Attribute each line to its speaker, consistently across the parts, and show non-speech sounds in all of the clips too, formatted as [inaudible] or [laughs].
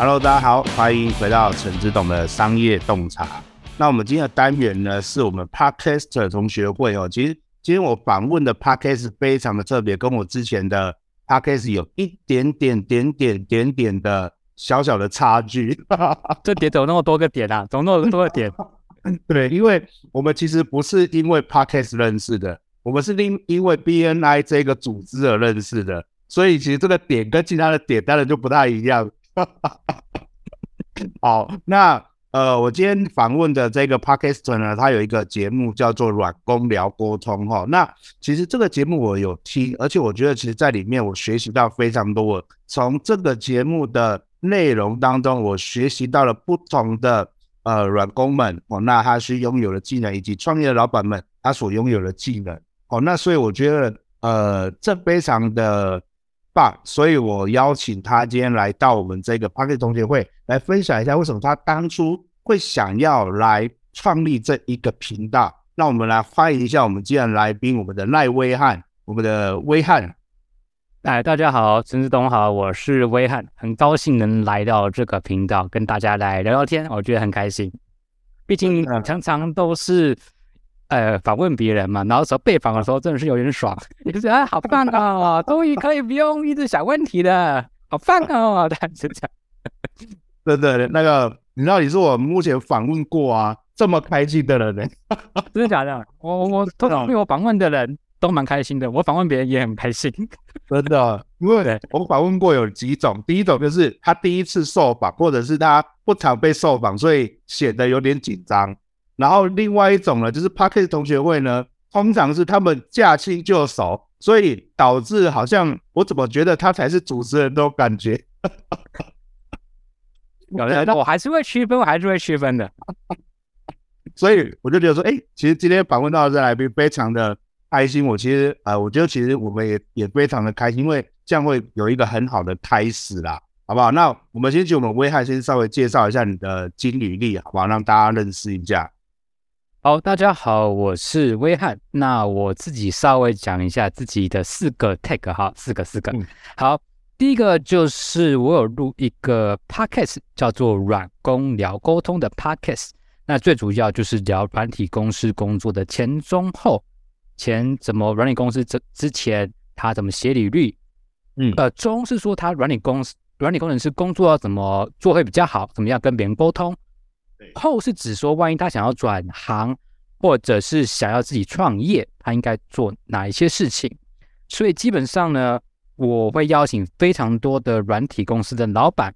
Speaker 1: Hello，大家好，歡迎回到陳執董的商業洞察。那我們今天的單元呢，是我們 Podcaster 同學會哦。其實今天我訪問的 Podcast 非常的特別，跟我之前的 Podcast 有一點，點點點點點點的小小的差距。 [laughs] 這點怎麼那麼多個點啊，怎麼那麼多個點。 [laughs] 對，因為我們其實不是因為 Podcast 認識的，我們是因因為 BNI 這個組織而認識的，所以其實這個點跟其他的點當然就不太一樣。 [laughs] 好，那呃，我今天訪問的這個 Podcaster 呢，他有一個節目叫做“軟工聊溝通”哈、哦。那其實這個節目我有聽，而且我覺得其實在裡面我學習到非常多。從這個節目的內容當中，我學習到了不同的呃軟工們哦，那他是擁有的技能，以及創業的老板們他所擁有的技能哦。那所以我覺得呃，這非常的。爸，所以我邀請他今天來到我們這個 Podcaster 同學會來分享一下，為什麼他當初會想要來創立這一個頻道。那我們來歡迎一下我們今天來賓，我們的賴威翰，我們的威翰。哎，大家好，陳執董好，我是威翰，很高興能來到這個頻道跟大家來聊聊天，
Speaker 2: 我覺得很開心，畢竟常常都是。呃，訪問別人嘛，然後時候被訪的時候真的是有點爽，你就覺得好棒哦，終於可以不用一直想問題了，好棒哦！ [laughs] [laughs] 真
Speaker 1: 的，真的那個，你到底是我目前訪問過啊這麼開心的人，欸， [laughs] [laughs] 真的假的？我我通常被我訪問的人都蠻開心的，我訪問別人也很開心， [laughs] 真的。因為我訪問過有幾種，第一種就是他第一次受訪，或者是他不常被受訪，所以顯得有點緊張。然後另外一種呢，就是 Podcaster 同學會呢，通常是他們駕輕就熟，所以導致好像我怎麼覺得他才是主持人那種感覺。但有 [laughs] 他我還是會區分，我還是會區分的。 [laughs] 所以我就覺得說，哎、欸，其實今天訪問到的在來賓非常的開心，我其實呃，我覺得其實我們也也非常的開心，因為這樣會有一個很好的開始啦，好不好？那我們先請我們威翰先稍微介紹一下你的經歷，好吧好，讓大家認識一下。好，oh, 大家好，我是威翰，
Speaker 2: 那我自己稍微講一下自己的四個 tag 哈，四個四個。嗯、好，第一個就是我有錄一個 podcast 叫做“軟工聊溝通”的 podcast。那最主要就是聊軟體公司工作的前、中、後。前怎麼軟體公司之之前他怎麼寫履歷？嗯，呃，中是說他軟體公司軟體工程師工作要怎麼做會比較好，怎麼樣跟別人溝通。對後是指說，萬一他想要轉行，或者是想要自己創業，他應該做哪一些事情？所以基本上呢，我會邀請非常多的軟體公司的老板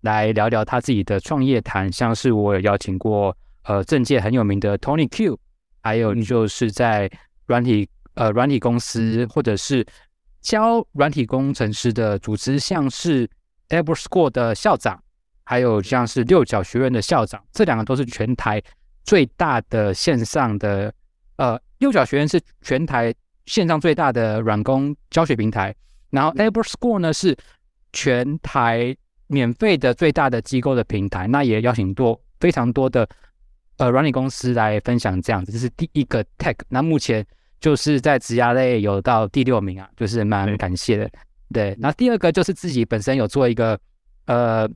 Speaker 2: 來聊聊他自己的創業談，像是我有邀請過呃政界很有名的 Tony Q，還有就是在軟體、嗯、呃軟體公司或者是教軟體工程師的組織，像是 AppWorks School 的校長。還有像是六角學院的校長，這兩個都是全台最大的線上的，呃，六角學院是全台線上最大的軟工教學平台，然後 Able School 呢是全台免費的最大的機構的平台，那也邀請多非常多的呃軟體公司來分享這樣子，這是第一個 Tech。那目前就是在職涯類有到第六名啊，就是蠻感謝的。對，那第二個就是自己本身有做一個呃。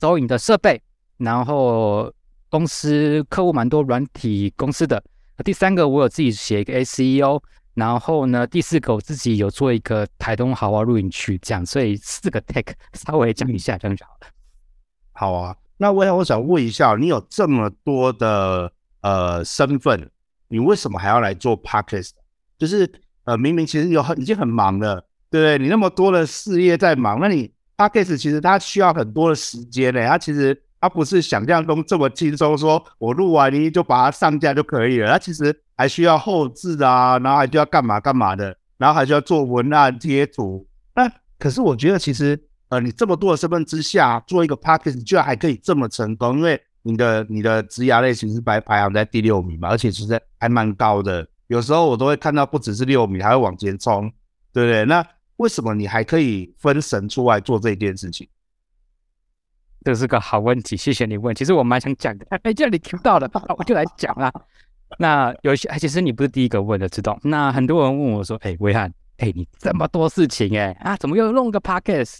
Speaker 2: 錄影的設備，然後公司客戶蠻多軟體公司的。第三個我有自己寫一個 SEO，然後呢，第四個我自己有做一個台東豪華露營區這樣。
Speaker 1: 所以四個 Tech 稍微講一下這樣就好了。好啊，那我我想問一下，你有這麼多的呃身份，你為什麼還要來做 Podcast？就是呃明明其實有很已經很忙了，對不對？你那麼多的事業在忙，那你？Podcast 其實它需要很多的時間誒、欸、它其實它不是想象中這麼輕鬆。說我錄完你就把它上架就可以了，它其實還需要後置啊，然後還就要幹嘛幹嘛的，然後還需要做文案、貼圖。那可是我覺得，其實呃，你這麼多的身份之下，做一個 Podcast 居然還可以這麼成功，因為你的你的職涯類型是排排行在第六名嘛，而且實在還蠻高的。有時候我都會看到不只是六名，還會往前衝，對不對？那。為什麼你還可以分神出來做這件事情？這是個好問題，謝謝你問。其實
Speaker 2: 我蠻想講的，哎，叫你聽不到了、 [laughs] 啊，我就來講啊。那有些，其實你不是第一個問的，知道？那很多人問我說：“哎、欸，威翰，哎、欸，你這麼多事情、欸，哎啊，怎麼又弄個 Podcast？”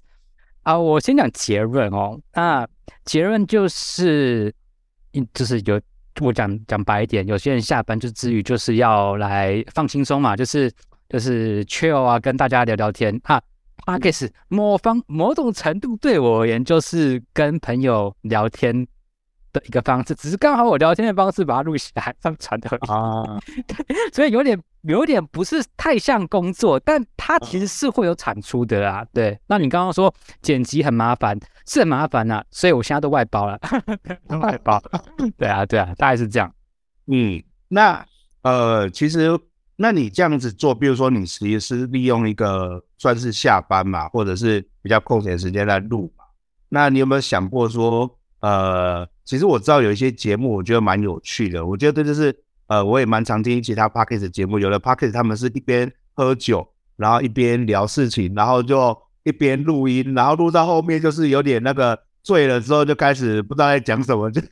Speaker 2: 啊，我先講結論哦。那、啊、結論就是，就是有我講講白一點，有些人下班就至於就是要來放輕鬆嘛，就是。就是 chill 啊，跟大家聊聊天啊。大概是某方某種程度對我而言，就是跟朋友聊天的一個方式。只是剛好我聊天的方式把它錄下來上傳的對，很好 uh, [laughs] 所以有點有點不是太像工作，但它其實是會有產出的啊。Uh, 對，那你剛剛說剪輯很麻煩，是很麻煩吶、啊，所以我現在都外包了。
Speaker 1: 外 [laughs] 包、啊，對啊，對啊，大概是這樣。嗯，那呃，其實。那你這樣子做，比如說你其實是利用一個算是下班嘛，或者是比較空閒時間來錄嘛。那你有沒有想過說，呃，其實我知道有一些節目，我覺得蠻有趣的。我覺得這就是，呃，我也蠻常聽其他 podcast 節目，有的 podcast 他們是一邊喝酒，然後一邊聊事情，然後就一邊錄音，然後錄到後面就是有點那個醉了之後就開始不知道在講什麼。就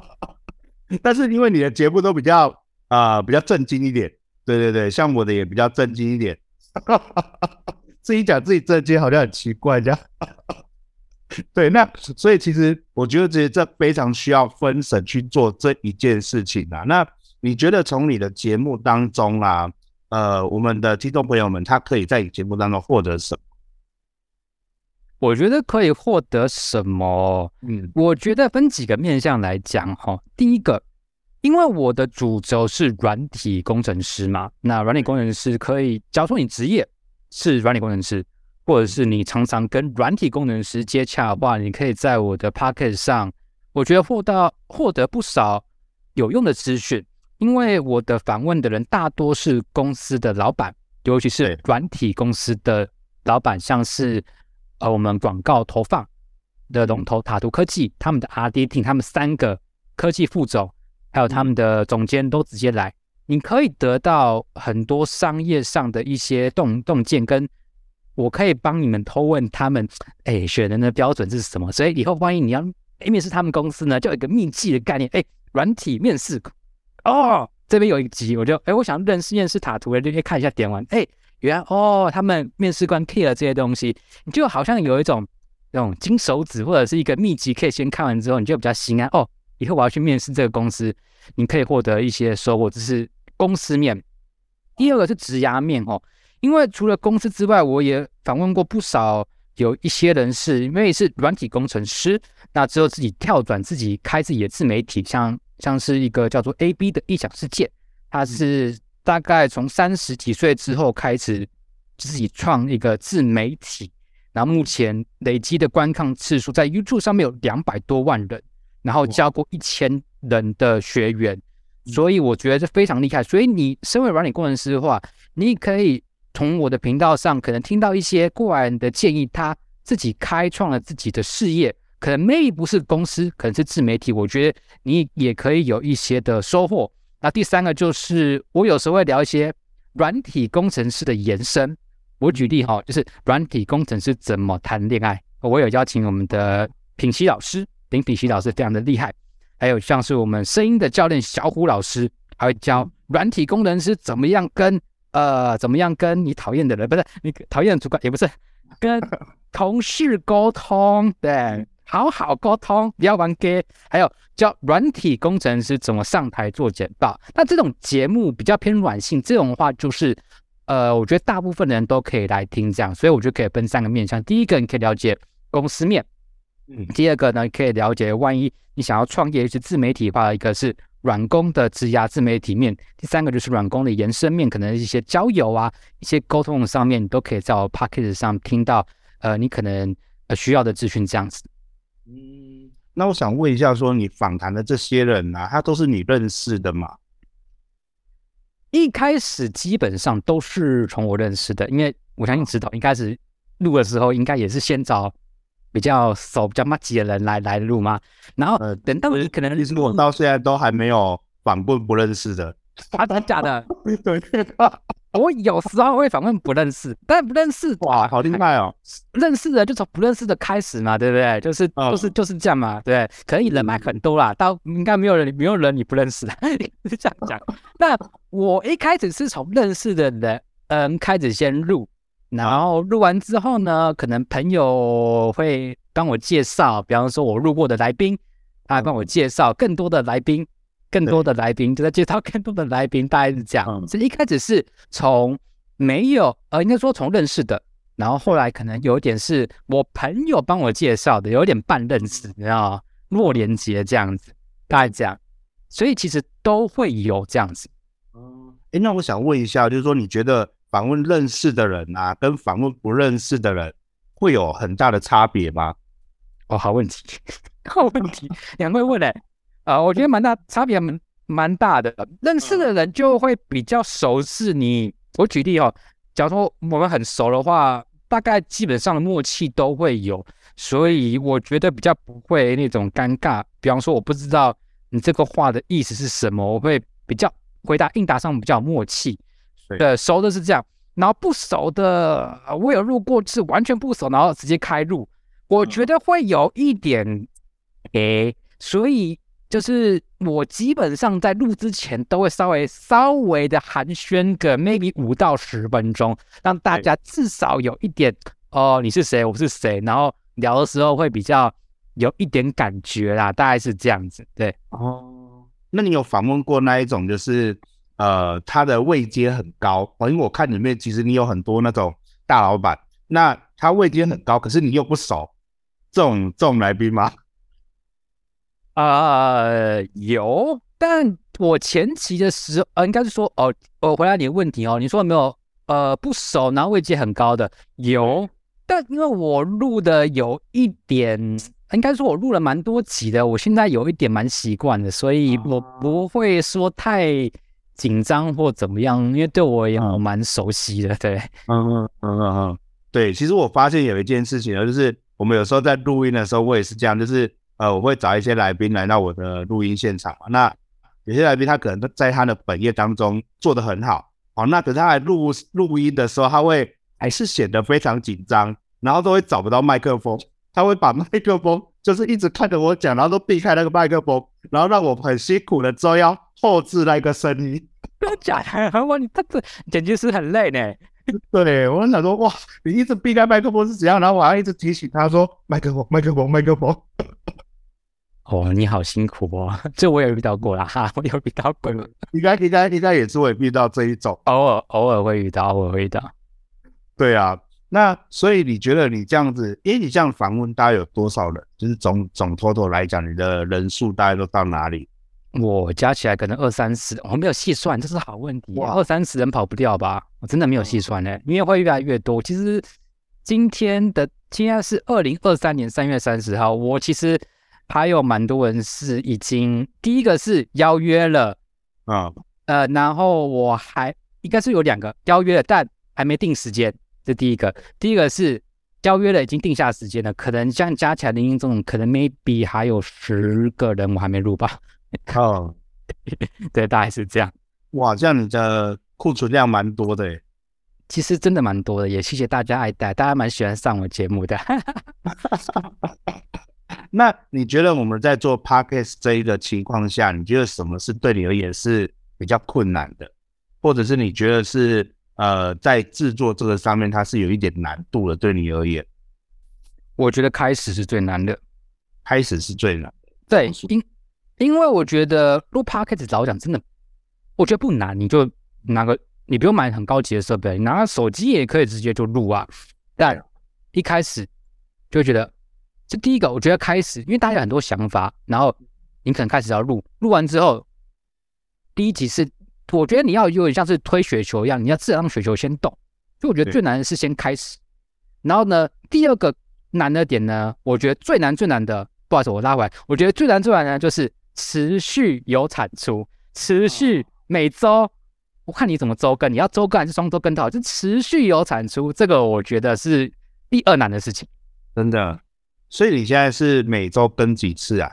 Speaker 1: [laughs] 但是因為你的節目都比較啊、呃、比較正經一點。對對對，像我的也比較正經一點， [laughs] 自己講自己正經好像很奇怪這樣。 [laughs] 對，那所以其實我覺得這這非常需要分神去做這一件事情啊。那你覺得從你的節目當中啊，呃，我們的聽眾朋友們他可以在你節目當中獲得什麼？我覺得可以獲得什麼？嗯，我覺得分幾
Speaker 2: 個面向來講哈、哦。第一個。因為我的主軸是軟體工程師嘛，那軟體工程師可以，假如說你職業是軟體工程師，或者是你常常跟軟體工程師接洽的話，你可以在我的 podcast 上，我覺得獲到獲得不少有用的資訊。因為我的訪問的人大多是公司的老闆，尤其是軟體公司的老闆，像是呃我們廣告投放的龍頭塔圖科技，他們的 RDT 他們三個科技副總，還有他們的總監都直接來，你可以得到很多商業上的一些洞洞見，跟我可以幫你們偷問他們，哎、欸，選人的標準是什麼？所以以後萬一你要、欸、面試他們公司呢，就有一個祕籍的概念。哎、欸，軟體面試，哦，這邊有一集，我就哎、欸，我想認識面試塔圖了，就可以看一下點完，哎、欸，原來哦，他們面試官 care 了這些東西，你就好像有一種那種金手指或者是一個祕籍，可以先看完之後，你就比較心安哦。以後我要去面試這個公司，你可以獲得一些收穫，這是公司面。第二個是職業面哦，因為除了公司之外，我也訪問過不少有一些人士，因為是軟體工程師，那之後自己跳轉，自己開自己的自媒體，像像是一個叫做 AB 的異想世界，他是大概從三十幾歲之後開始自己創一個自媒體，然後目前累積的觀看次數在 YouTube 上面有兩百多萬人，然後教過一千人的學員，哇所以我覺得這非常厲害。所以你身為軟體工程師的話，你可以從我的頻道上可能聽到一些過來人的建議，他自己開創了自己的事業，可能 maybe 不是公司，可能是自媒體。我覺得你也可以有一些的收穫。那第三個就是我有時候會聊一些軟體工程師的延伸。我舉例哈，就是軟體工程師怎麼談戀愛。我有邀請我們的品熙老師。林炳熙老師非常的厲害，還有像是我們聲音的教練小虎老師，還會教軟體工程師怎麼樣跟呃怎麼樣跟你討厭的人，不是你討厭的主管也不是，跟同事溝通，對，好好溝通，不要玩 gay。還有教軟體工程師怎麼上台做簡報。那這種節目比較偏軟性，這種話就是呃，我覺得大部分人都可以來聽這樣，所以我覺得可以分三個面向。第一個，你可以了解公司面。第二個呢，可以了解，萬一你想要創業，是自媒體化，一個是軟工的職涯自媒體面，第三個就是軟工的延伸面，可能一些交友啊，一些溝通上面，你都可以在我 Podcast 上聽到。
Speaker 1: 呃，你可能呃需要的資訊這樣子。嗯，那我想問一下，說你訪談的這些人啊，他都是你認識的嗎？一
Speaker 2: 開始基本上都是從我認識的，因為我相信執董一開始錄的時候，應該也是先找。比較熟比較麻吉的人來來錄嗎？然後等
Speaker 1: 到你可能是錄、嗯、到現在都還沒有訪問不認識的，
Speaker 2: 真的、啊、假的？ [laughs] 我有時候會訪問不認識，但不認識哇，好厲害哦！認識的就從不認識的開始嘛，對不對？就是就是就是這樣嘛，嗯、對。可以人買很多啦，到應該沒有人沒有人你不認識，你 [laughs] 這樣講講。 [laughs] 那我一開始是從認識的人嗯開始先錄。然後錄完之後呢，可能朋友會幫我介紹，比方說我錄過的來賓，他還幫我介紹更多的來賓，嗯、更多的來賓對就在介紹更多的來賓，大概是這樣。嗯、所以一開始是從沒有，呃，應該說從認識的，然後後來可能有一點是我朋友幫我介紹的，有點半認識，你知道，弱連結這
Speaker 1: 樣子，大概是這樣。所以其實都會有這樣子。嗯，哎，那我想問一下，就是說你覺得？訪問認識的人啊，跟訪問不認識的人會有很大的差別嗎？哦，好問題，好
Speaker 2: 問題， [laughs] 兩位問嘞、欸？啊、呃，我覺得蠻大差別還蠻，蠻大的。認識的人就會比較熟悉你。我舉例哦，假如說我們很熟的話，大概基本上的默契都會有，所以我覺得比較不會那種尷尬。比方說，我不知道你這個話的意思是什麼，我會比較回答應答上比較有默契。對，熟的是這樣，然後不熟的，呃、我有錄過，是完全不熟，然後直接開錄，我覺得會有一點誒、嗯欸，所以就是我基本上在錄之前都會稍微稍微的寒暄個 maybe 五到十分鐘，讓大家至少有一點對哦，你
Speaker 1: 是誰，我是誰，然後聊的時候會比較有一點感覺啦，大概是這樣子。對，哦，那你有訪問過那一種就是？呃，他的位階很高，反正我看裡面其實你有很多那種大老闆。那他位階很高，可是你又不熟，這種這種來賓嗎？
Speaker 2: 呃，有，但我前期的時候呃，應該是說哦，我、哦、回答你的問題哦，你說有沒有？呃，不熟，然後位階很高的有，但因為我錄的有一點，應該說我錄了蠻多集的，我現在有一點蠻習慣的，所以我不會說太。緊張或怎麼樣？因為對我也蠻熟悉的，對，嗯嗯嗯
Speaker 1: 嗯嗯，對。其實我發現有一件事情，就是我們有時候在錄音的時候，我也是這樣，就是呃，我會找一些來賓來到我的錄音現場嘛。那有些來賓他可能在他的本業當中做得很好，好、哦，那等他來錄錄音的時候，他會還是顯得非常緊張，然後都會找不到麥克風，他會把麥克風。就是一直看着我講，然後都避開那個麥克風，然後讓我很辛苦的這樣後製那個聲音。不要假的，我你這剪輯，是很累呢。對，我想說，哇，你一直避開麥克風是怎樣？然後我還一直提醒他說麥克風，麥克風，麥克風。哦，你好辛苦哦， [laughs] 這我也遇到過了哈、啊，我也遇到過了。應該應該應該也是會遇到這一種，偶爾偶爾會遇到，偶爾會遇到。對呀、啊。那所以你覺得你這樣子，哎，你這樣訪問大概有多少人？就是總總 total 來講，你的人數大概都到哪裡？我加起來可能二三十，我沒有細算，這是好問題啊。我二
Speaker 2: 三十人跑不掉吧？我真的沒有細算呢、欸，因為會越來越多。其實今天的現在是二零二三年三月三十號，我其實還有蠻多人是已經第一個是邀約了，啊、嗯，呃，然後我還應該是有兩個邀約了，但還沒定時間。這第一個，第一個是邀約了，已經定下時間了。可能像加起來的零總可能 maybe 還有十個人我還沒入吧。靠、oh. [laughs] 對，大概是這樣。哇，這樣你的
Speaker 1: 庫存量蠻多的。其實真的蠻多的，也謝謝大家愛戴，大家蠻喜歡上我節目的。 [laughs] [laughs] 那你覺得我們在做 Podcast 這一個情況下，你覺得什麼是對你而言是比較困難的，或者是你覺得是？呃，在製作這個上面，它是有一點難度的，對你而言，我覺得開始是最難的，開始是最難，對，因
Speaker 2: 因為我覺得錄 podcast 老實講真的，我覺得不難，你就拿個，你不用買很高級的設備，你拿個手機也可以直接就錄啊。但一開始就會覺得，這第一個，我覺得開始，因為大家有很多想法，然後你可能開始要錄，錄完之後，第一集是。我覺得你要有點像是推雪球一樣，你要自然讓雪球先動。所以我覺得最難的是先開始。對然後呢，第二個難的點呢，我覺得最難最難的，不好意思，我拉回來。我覺得最難最難呢，就是持續有產出，持續每週。哦、我看你怎麼週更，你要週更還是雙週更都好？就持續有產出，這個我覺得是第二難的事情。真的。所以你現在是每週更幾次啊？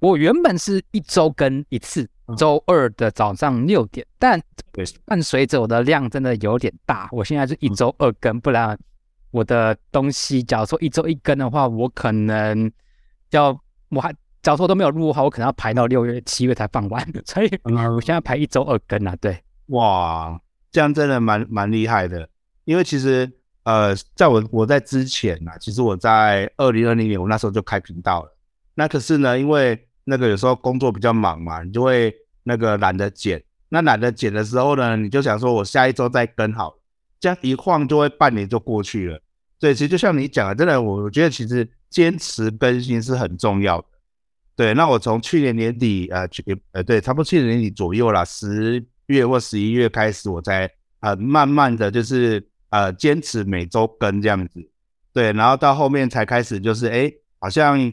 Speaker 2: 我原本是一週更一次。週二的早上六點，但伴隨着我的量真的有點大，我現在是一周二更，嗯、不然我的東西，假如說一周一更的話，我可能要我還，假如說都
Speaker 1: 沒有錄的話，我可能要排到六月，嗯，七月才放完，所以我現在排一周二更啊。對，哇，這樣真的蠻蠻厲害的，因為其實呃，在我我在之前吶，啊，其實我在二零二零年我那時候就開頻道了，那可是呢，因為。那個有時候工作比較忙嘛，你就會那個懶得剪。那懶得剪的時候呢，你就想說，我下一周再更好。這樣一晃就會半年就過去了。對，其實就像你講的，真的，我我覺得其實堅持更新是很重要的。對，那我從去年年底呃去呃對，差不多去年年底左右啦，十月或十一月開始，我才呃慢慢的就是呃堅持每周更這樣子。對，然後到後面才開始就是哎、欸、好像。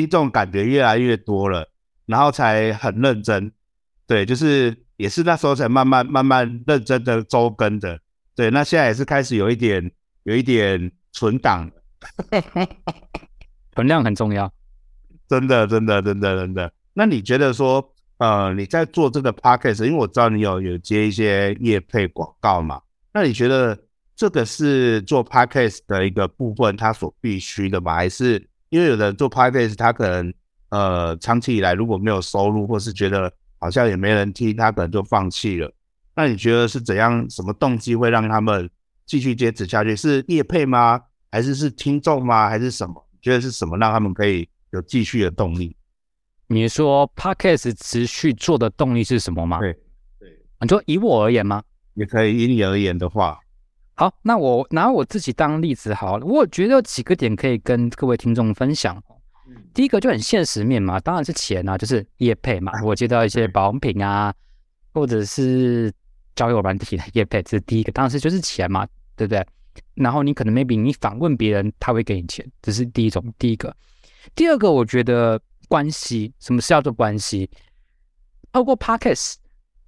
Speaker 1: 聽眾感覺越來越多了，然後才很認真，對，就是也是那時候才慢慢慢慢認真的周更的，對，那現在也是開始有一點有一點存檔，存 [laughs] 量很重要，真的真的真的真的。那你覺得說，呃，你在做這個 podcast，因為我知道你有有接一些業配廣告嘛，那你覺得這個是做 podcast 的一個部分，它所必須的嗎？還是？因為有的人做 podcast 他可能呃長期以來如果沒有收入，或是覺得好像也沒人聽，他可能就放棄了。那你覺得是怎樣什麼動機會讓他們繼續堅持下去？是業配嗎？還是是聽眾嗎？還是什麼？覺得是什麼讓他們可以有繼續的動力？你說 podcast 持續做的動力是什麼嗎？對對，你說以我而
Speaker 2: 言嗎？也可以以你而言的話。好，那我拿我自己當例子好了，我覺得有幾個點可以跟各位聽眾分享。第一個就很現實面嘛，當然是錢啊，就是業配嘛。我接到一些保養品啊，或者是交友軟體的業配，這是第一個，當然是就是錢嘛，對不對？然後你可能 maybe 你訪問別人，他會給你錢，這是第一種，第一個。第二個，我覺得關係，什麼是要做關係，包括 Podcast。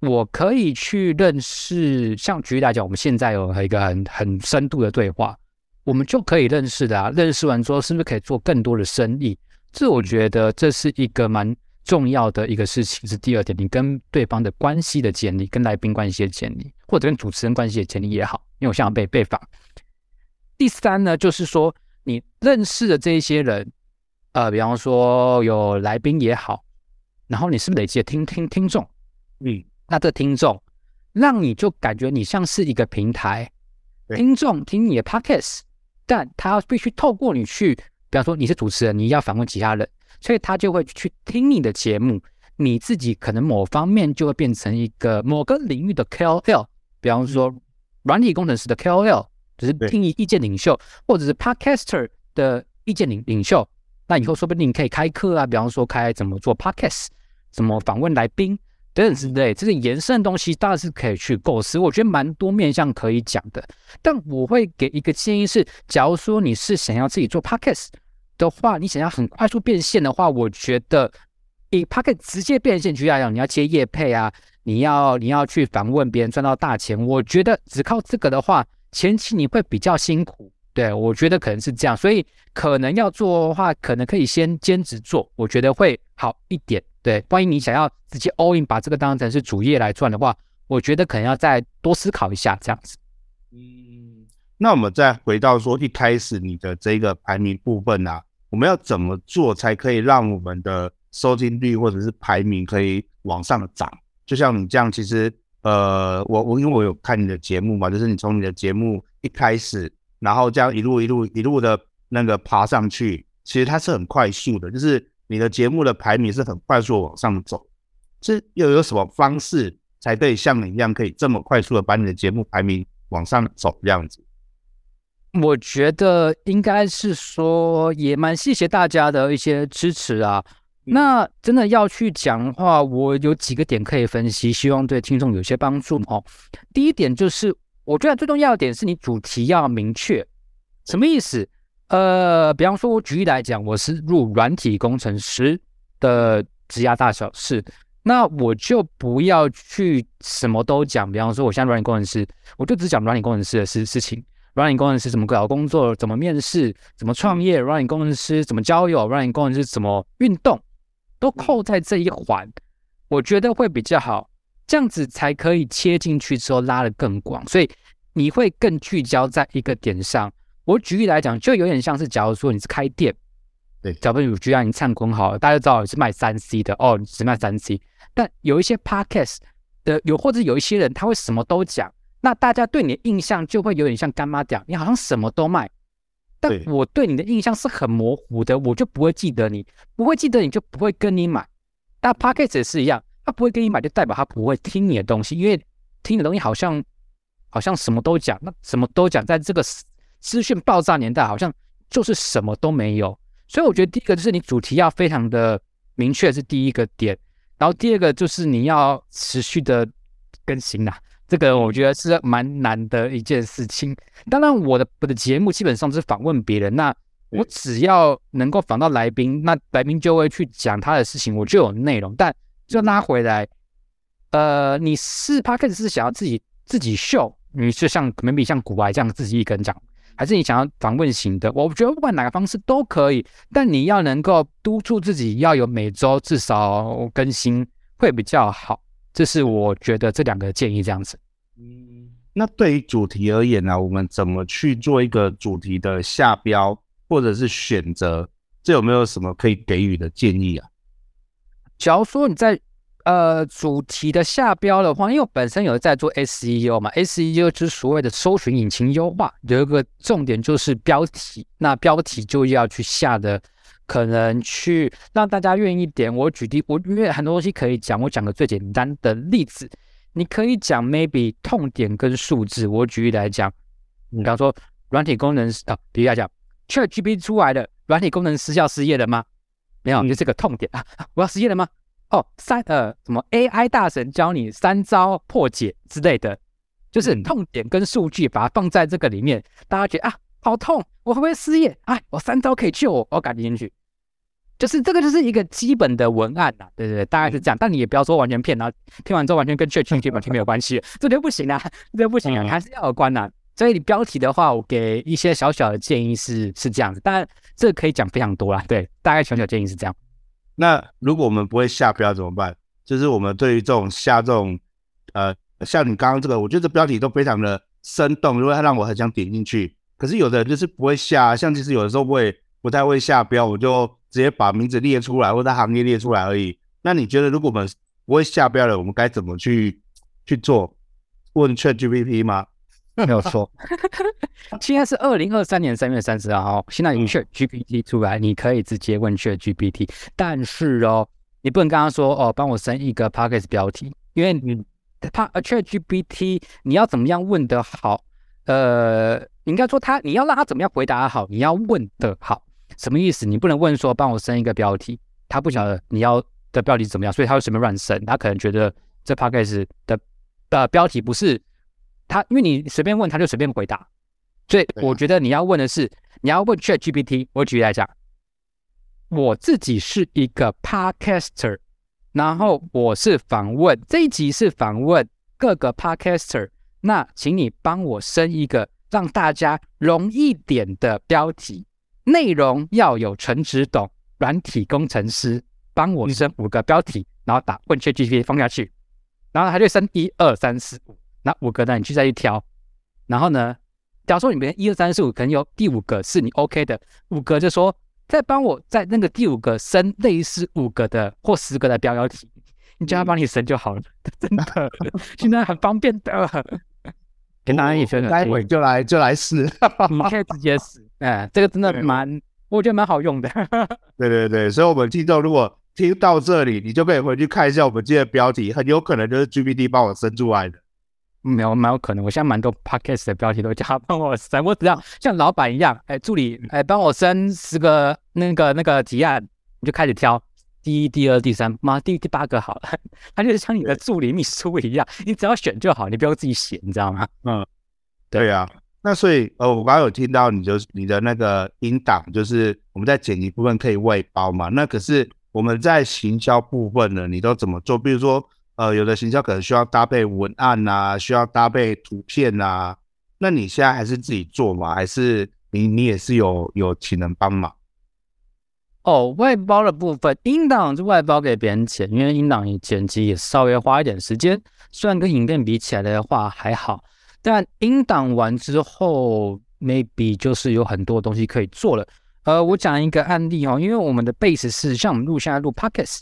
Speaker 2: 我可以去認識，像舉例來講，我們現在有一個很很深度的對話，我們就可以認識的啊。認識完之後，是不是可以做更多的生意？這我覺得這是一個蠻重要的一個事情。是第二點，你跟對方的關係的建立，跟來賓關係的建立，或者跟主持人關係的建立也好，因為我現在要被被訪。第三呢，就是說你認識的這一些人，呃，比方說有來賓也好，然後你是不是得接聽聽聽眾？嗯。那這聽眾讓你就感覺你像是一個平台，聽眾聽你的 podcast，但他要必須透過你去，比方說你是主持人，你要訪問其他人，所以他就會去聽你的節目。你自己可能某方面就會變成一個某個領域的 KOL，比方說軟體工程師的 KOL，只是聽意見領袖，或者是 podcaster 的意見領領袖。那以後說不定你可以開課啊，比方說開怎麼做 podcast，怎麼訪問來賓。等等之類，這個延伸的東西，當然是可以去構思。我覺得蠻多面向可以講的，但我會給一個建議是：假如說你是想要自己做 Podcast 的話，你想要很快速變現的話，我覺得以 Podcast 直接變現去來講，你要接業配啊，你要你要去訪問別人賺到大錢，我覺得只靠這個的話，前期你會比較辛苦。對，我覺得可能是這樣，所以可能要做的話，可能可以先兼職做，我覺得會好一點。對，萬一你想要直接 all in，把這個當成是主業來賺的話，我覺得可能要
Speaker 1: 再多思考一下這樣子。嗯，那我們再回到說一開始你的這個排名部分啊，我們要怎麼做才可以讓我們的收聽率或者是排名可以往上漲？就像你這樣，其實呃，我我因為我有看你的節目嘛，就是你從你的節目一開始，然後這樣一路一路一路的那個爬上去，其實它是很快速的，就是你的節目的排名是很快速往上走。這又有什麼方式才對像你一樣，可以這麼快速的把你的節目排名往上走？這樣子，
Speaker 2: 我覺得應該是說也蠻謝謝大家的一些支持啊。那真的要去講的話，我有幾個點可以分析，希望對聽眾有些幫助哦。第一點就是。我覺得最重要的點是你主題要明確，什麼意思？呃，比方說，我舉例來講，我是入軟體工程師的職業大小事，那我就不要去什麼都講。比方說，我現在軟體工程師，我就只講軟體工程師的事事情。軟體工程師怎麼搞工作？怎麼面試？怎麼創業？軟體工程師怎麼交友？軟體工程師怎麼運動？都扣在這一環，我覺得會比較好。這樣子才可以切進去之後拉得更廣，所以你會更聚焦在一個點上。我舉例來講，就有點像是，假如說你是開店，對，假如說你已經唱功好了，大家知道你是賣三 C 的哦，你只賣三 C。但有一些 podcast 的有，或者有一些人，他會什麼都講，那大家對你的印象就會有點像乾媽講，你好像什麼都賣，但我對你的印象是很模糊的，我就不會記得你，不會記得你就不會跟你買。那 podcast 也是一樣。他不會給你買，就代表他不會聽你的東西，因為聽的東西好像好像什麼都講，那什麼都講，在這個資訊爆炸年代，好像就是什麼都沒有。所以我覺得第一個就是你主題要非常的明確，是第一個點。然後第二個就是你要持續的更新啊，這個我覺得是蠻難的一件事情。當然，我的我的節目基本上是訪問別人，那我只要能夠訪到來賓，那來賓就會去講他的事情，我就有內容，但。就拉回來，呃，你是他開始是想要自己自己秀，你是像 maybe 像股癌這樣自己一個人講，還是你想要訪問型的？我覺得不管哪個方式都可以，但你要能夠督促自己要有每周至
Speaker 1: 少更新會比較好。這、就是我覺得這兩個建議這樣子。嗯，那對於主題而言呢、啊，我們怎麼去做一個主題的下標或者是選擇？這有沒有什麼可以給予的建議啊？假如說你在呃主題的下標的話，因為我本身有在做
Speaker 2: SEO 嘛，SEO 就是所謂的搜尋引擎優化，有一個重點就是標題，那標題就要去下的可能去讓大家願意點。我舉例，我因為很多東西可以講，我講個最簡單的例子，你可以講 maybe 痛點跟數字。我舉例來講，你比方說軟體功能啊，比如來講，ChatGPT 出來的軟體功能失效失業了嗎？沒有，就是個痛點啊！我要失業了嗎？哦，三呃，什麼 AI 大神教你三招破解之類的，就是痛點跟數據，把它放在這個裡面，大家覺得啊，好痛，我會不會失業？哎，我三招可以救我，我趕進去。就是這個，就是一個基本的文案吶、啊，對對對，大概是這樣，但你也不要說完全騙、啊，然後聽完之後完全跟 truth 完全沒有關係， [laughs] 這就不行啊，這就不行啊，你還是要有關的、啊。所以你標題的話，我給一些小小的建議是
Speaker 1: 是這樣子，當然這個可以講非常多啦。對，大概小小建議是這樣。那如果我們不會下標怎麼辦？就是我們對於這種下這種呃，像你剛剛這個，我覺得這標題都非常的生動，因為它讓我很想點進去。可是有的人就是不會下，像其實有的時候我也不太會下標，我就直接把名字列出來，或者行業列出來而已。那你覺得如果我們不會下標的，我們該怎麼去去做？問 ChatGPT 嗎？ [laughs] 沒有錯。現在是二零二三年三月三十
Speaker 2: 號。現在有 Chat GPT 出來，你可以直接問 Chat GPT。但是哦，你不能跟他說哦，幫我生一個 podcast 標題，因為你的 Chat GPT，你要怎麼樣問得好？呃，你應該說他，你要讓他怎麼樣回答好，你要問得好，什麼意思？你不能問說幫我生一個標題，他不曉得你要的標題怎麼樣，所以他會隨便亂生。他可能覺得這 podcast 的的標題不是。他因為你隨便問他就隨便回答，所以我覺得你要問的是你要問 ChatGPT。我舉例來講，我自己是一個 Podcaster，然後我是訪問這一集是訪問各個 Podcaster，那請你幫我生一個讓大家容易一點的標題，內容要有陳執董，軟體工程師幫我生五個標題，然後打問 ChatGPT 放下去，然後他就生一二三四五。那五個呢？你去再去挑，然後呢，假如說你們一二三四五，可能有第五個是你 OK 的五個，就說再幫我在那個第五個生類似五個的或十個的標題，你叫他幫你生就好了，嗯、 [laughs] 真的 [laughs] 現在很方便的。跟
Speaker 1: 大家也分享，
Speaker 2: 就來就來試， [laughs] 你可以直接試。哎，這個真的蠻，嗯、我覺得蠻好用的 [laughs] 。
Speaker 1: 對對對，所以我們聽眾如果聽到這裡，你就可以回去看一下我們今天的標題，很有可能就是 GPT 幫我生出來的。沒有，蠻有可能。我現在蠻多 podcast 的標題都叫他幫我生，我只要像老闆一樣，哎，助理，
Speaker 2: 哎，幫我生十個那個那個提案，你就開始挑第一、第二、第三，嘛第第八個好了。 [laughs] 他就是像你的助理秘書一樣，對你只要選就好，你不用自己
Speaker 1: 寫，你知道嗎？嗯，對，對啊。那所以，呃，我剛剛有聽到，你就是你的那個音檔，就是我們在剪輯部分可以外包嘛？那可是我們在行銷部分呢，你都怎麼做？比如說？呃，有的行銷可能需要搭配文案啊，需要搭配圖片啊。那你現在還是自己做嗎？還是你你也是有有請人幫忙？哦，外包的部
Speaker 2: 分，音檔是外包給別人剪，因為音檔剪輯也稍微花一點時間。雖然跟影片比起來的話還好，但音檔完之後，maybe 就是有很多東西可以做了。呃，我講一個案例哦，因為我們的 base 是像我們錄現在錄 podcast。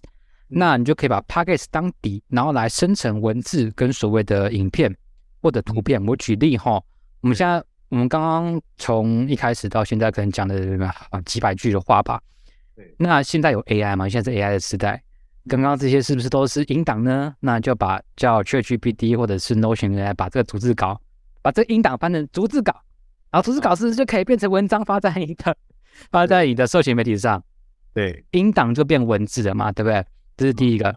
Speaker 2: 那你就可以把 podcast 當底，然後來生成文字跟所謂的影片或者圖片。我舉例哈，我們現在我們剛剛從一開始到現在可能講的啊幾百句的話吧。對。那現在有 AI 嘛？現在是 AI 的時代。剛剛這些是不是都是音檔呢？那就把叫 ChatGPT 或者是 Notion AI 把這個逐字稿，把這個音檔翻成逐字稿，然後逐字稿是不是就可以變成文章發在你的發在你的社群媒體上？對。音檔就變文字了嘛，對不對？這是第一個，嗯、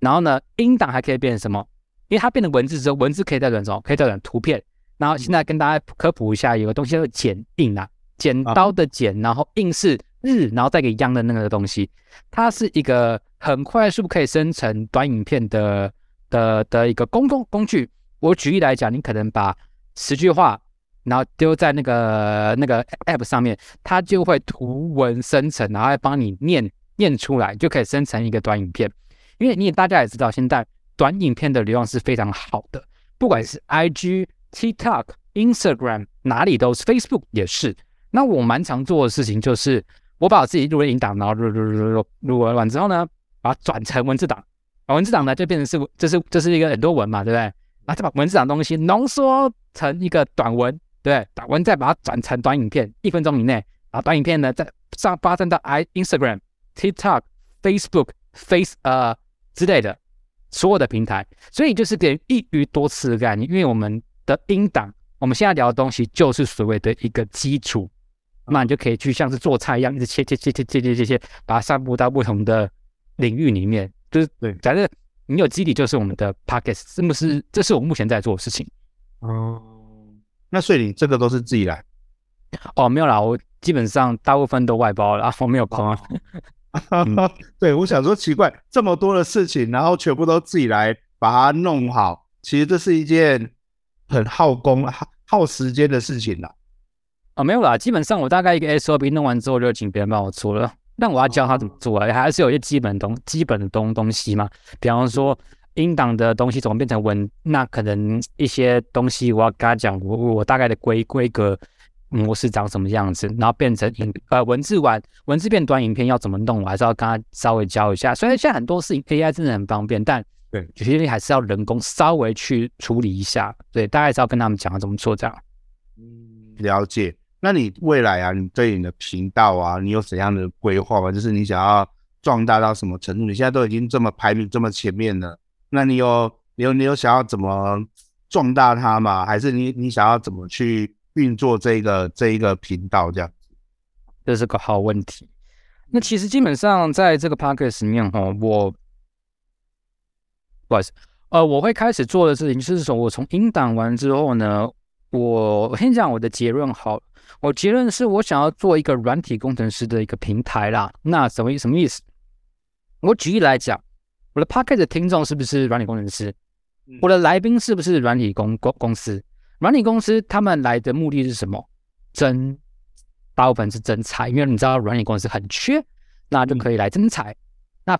Speaker 2: 然後呢，音檔還可以變成什麼？因為它變成文字之後，文字可以再轉什麼？可以再轉圖片。然後現在跟大家科普一下，有個東西叫做剪映啦、啊，剪刀的剪，然後映是日，然後再給央的那個東西，它是一個很快速可以生成短影片的的的一個公共工、工具。我舉例來講，你可能把十句話，然後丟在那個那個 app 上面，它就會圖文生成，然後幫你念。念出來就可以生成一個短影片，因為你也大家也知道，現在短影片的流量是非常好的，不管是 IG、T、TikTok、Instagram 哪裡都是，Facebook 也是。那我蠻常做的事情就是，我把我自己錄音檔，然後錄錄錄錄錄完完之後呢，把它轉成文字檔，文字檔呢就變成是這是這是一個很多文嘛，對不對？然、啊、後把文字檔的東西濃縮成一個短文，對，不對，短文再把它轉成短影片，一分鐘以內，把短影片呢再上發送到 I Instagram。TikTok、Facebook、Face 呃、uh, 之類的所有的平台，所以就是給一魚多吃的概念。因為我們的音檔，我們現在聊的東西就是所謂的一個基礎，那你就可以去像是做菜一樣，一直切切切切切切切、切，把它散布到不同的領域裡面。嗯、就是對，假設你有基底，就是我們的 Podcast 是不是？這是我目前在做的事情。哦、
Speaker 1: 嗯，那所以你這個都是自己來？哦，沒有啦，我基本上大部分都外包了，啊、我沒有空啊。啊哈， [laughs] 嗯、對，我想說奇怪，這麼多的事情，然後全部都自己來把它弄好，其實這是一件很耗工、耗耗時間的事情啦，啊哦。沒有啦，基本上我大概一個 SOP
Speaker 2: 弄完之後，就請別人幫我做了。但我要教他怎麼做啊，還是有一些基本東、基本的東東西嘛。比方說，音檔的東西怎麼變成文？那可能一些東西我要跟他講，我我大概的規規格。模式長什麼樣子？然後變成影呃文字完文字變短影片要怎麼弄？我還是要跟他稍微教一下。雖然現在很多事情 AI 真的很方便，但對有些東西還是要人工稍微去處理一下。對，大
Speaker 1: 概是要跟他們講怎麼做這樣。嗯，了解。那你未來啊，你對你的頻道啊，你有怎樣的規劃嗎？就是你想要壯大到什麼程度？你現在都已經這麼排名這麼前面了，那你有你有你有想要怎麼壯大它嗎？還是你你想要怎麼去？運作這個這一個頻道這樣子，這是個好問題。那其實基本上在這個 podcast 裡面哈，我
Speaker 2: 不好意思，呃，我會開始做的事情就是說，我從引導完之後呢，我我先講我的結論好，我結論是我想要做一個軟體工程師的一個平台啦。那什麼意什麼意思？我舉例來講，我的 podcast 的聽眾是不是軟體工程師？我的來賓是不是軟體工公公司？軟體公司他們來的目的是什麼？徵，大部分是徵才，因為你知道軟體公司很缺，那就可以來徵才。那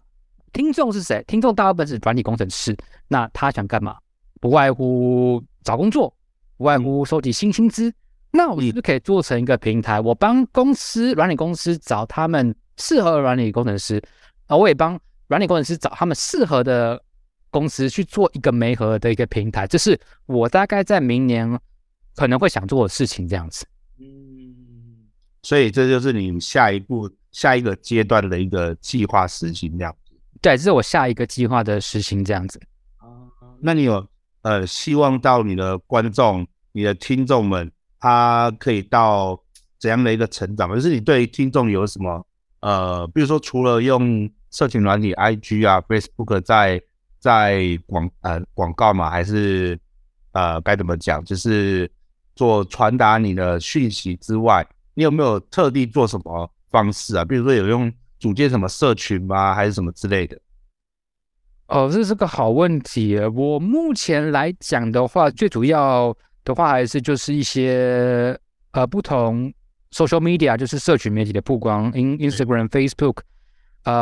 Speaker 2: 聽眾是誰？聽眾大部分是軟體工程師。那他想幹嘛？不外乎找工作，不外乎收集新薪資。那我是不是可以做成一個平台？我幫公司軟體公司找他們適合的軟體工程師，那我也幫軟體工程師找他們適合的。公司去做一個媒合的一個平台，這、就是我大概在
Speaker 1: 明年可能會想做的事情，這樣子。嗯，所以這就是你下一步下一個階段的一個計劃實行這樣子。對，這是我下一個計劃的實行這樣子。那你有呃希望到你的觀眾、你的聽眾們，他可以到怎樣的一個成長？就是你對於聽眾有什麼呃，比如說除了用社群軟體，IG 啊、Facebook 在在廣呃廣告嘛，還是呃該怎麼講？就是做傳達你的訊息之外，你有沒有特地做什麼方式啊？比如說有用組建什麼社群嗎？還是什麼之類的？哦，這是個好問題。我目前來講的話，最主要
Speaker 2: 的話還是就是一些呃不同 social media，就是社群媒體的曝光，in Instagram、Instagram，嗯、Facebook，呃，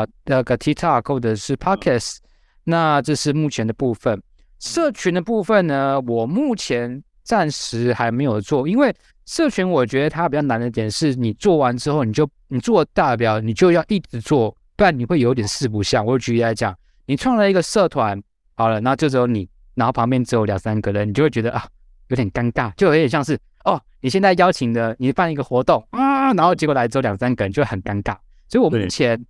Speaker 2: 呃、那個、TikTok 或者是 Podcast。嗯那這是目前的部分，社群的部分呢？我目前暫時還沒有做，因為社群我覺得它比較難的點是你做完之後，你就你做大表，你就要一直做，不然你會有點四不像。我舉例來講，你創了一個社團，好了，那這時候你，然後旁邊只有兩三個人，你就會覺得啊，有點尷尬，就有點像是哦，你現在邀請的你辦一個活動啊，然後結果來只有兩三個人就很尷尬，所以我目前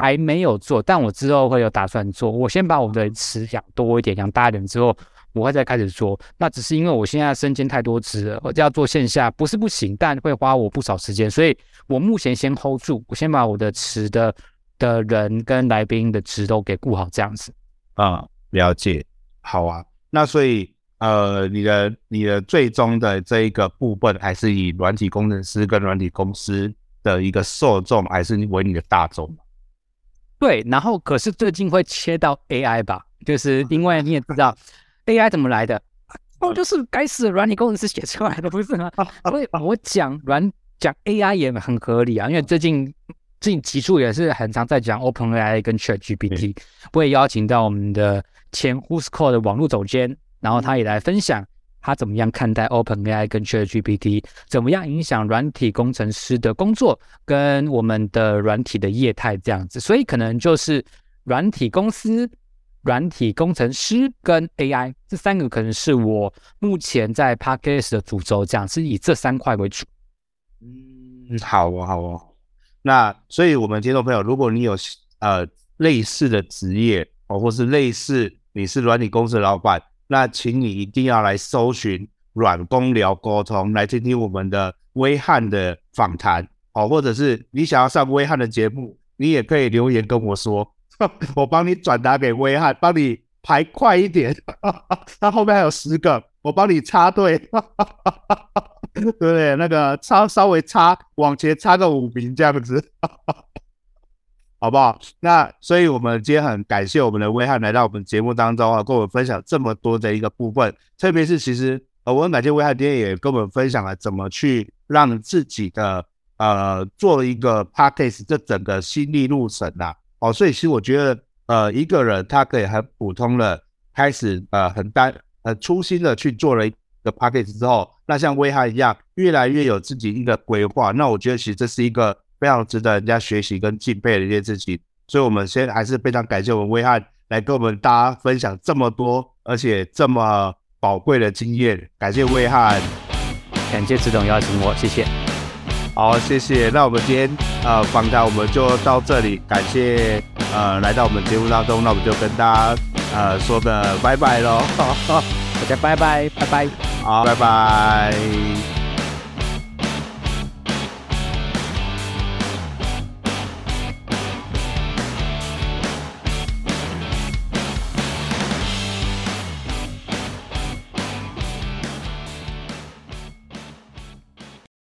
Speaker 2: 還沒有做，但我之後會有打算做。我先把我的池想多一點，想大一點之後，我會再開始做。那只是因為我現在身兼太多職，我要做線下不是不行，但會花我不少時間，所以我目前先 hold 住，我先把我的池的的人跟來賓的池都給
Speaker 1: 顧好，這樣子。嗯，了解。好啊，那所以呃，你的你的最終的這一個部分，還是以軟體工程師跟軟體公司的一個受眾，還是為你的大眾
Speaker 2: 對，然後可是最近會切到 AI 吧，就是因為你也知道 AI 怎麼來的， [laughs] 哦，就是該死的軟體工程師寫出來的，不是嗎？ [laughs] 所以我講軟講 AI 也很合理啊，因為最近最近技術也是很常在講 OpenAI 跟 ChatGPT，嗯、我也邀請到我們的前 WhoScore 的網絡總監，然後他也來分享。他怎麼樣看待 OpenAI 跟 ChatGPT？怎麼樣影響軟體工程師的工作跟我們的軟體的業態這樣子？所以可能就是軟體公司、軟體工程師跟 AI 這三個，可能是我目
Speaker 1: 前在 Podcast 的主軸，這樣是以這三塊為主。嗯，好哦，好哦。那所以我們聽眾朋友，如果你有呃類似的職業哦，或是類似你是軟體公司的老闆。那請你一定要來搜尋軟工聊溝通，來聽聽我們的威翰的訪談哦，或者是你想要上威翰的節目，你也可以留言跟我說，我幫你轉達給威翰，幫你排快一點。他後面還有十個，我幫你插隊，對不對？那個插稍微插往前插個五名這樣子。呵呵好不好？那所以，我們今天很感謝我們的威翰來到我們節目當中啊，跟我們分享這麼多的一個部分。特別是，其實呃，我們買進威翰今天也跟我們分享了怎麼去讓自己的呃做了一個 podcast 這整個心路歷程吶，啊。哦，所以其實我覺得，呃，一個人他可以很普通的開始呃很單很粗心的去做了一個 podcast 之後，那像威翰一樣，越來越有自己一個規劃。那我覺得，其實這是一個。非常值得人家學習跟敬佩的一件事情，所以，我們先還是非常感謝我們威翰來跟我們大家分享這麼多，而且這麼寶貴的經驗。感謝威翰，感謝執董邀請我，謝謝。好，謝謝。那我們今天呃，訪談我們就到這裡，感謝呃來到我們節目當中，那我們就跟大家呃說個拜拜嘍，好，大家拜拜，拜拜，好，拜拜。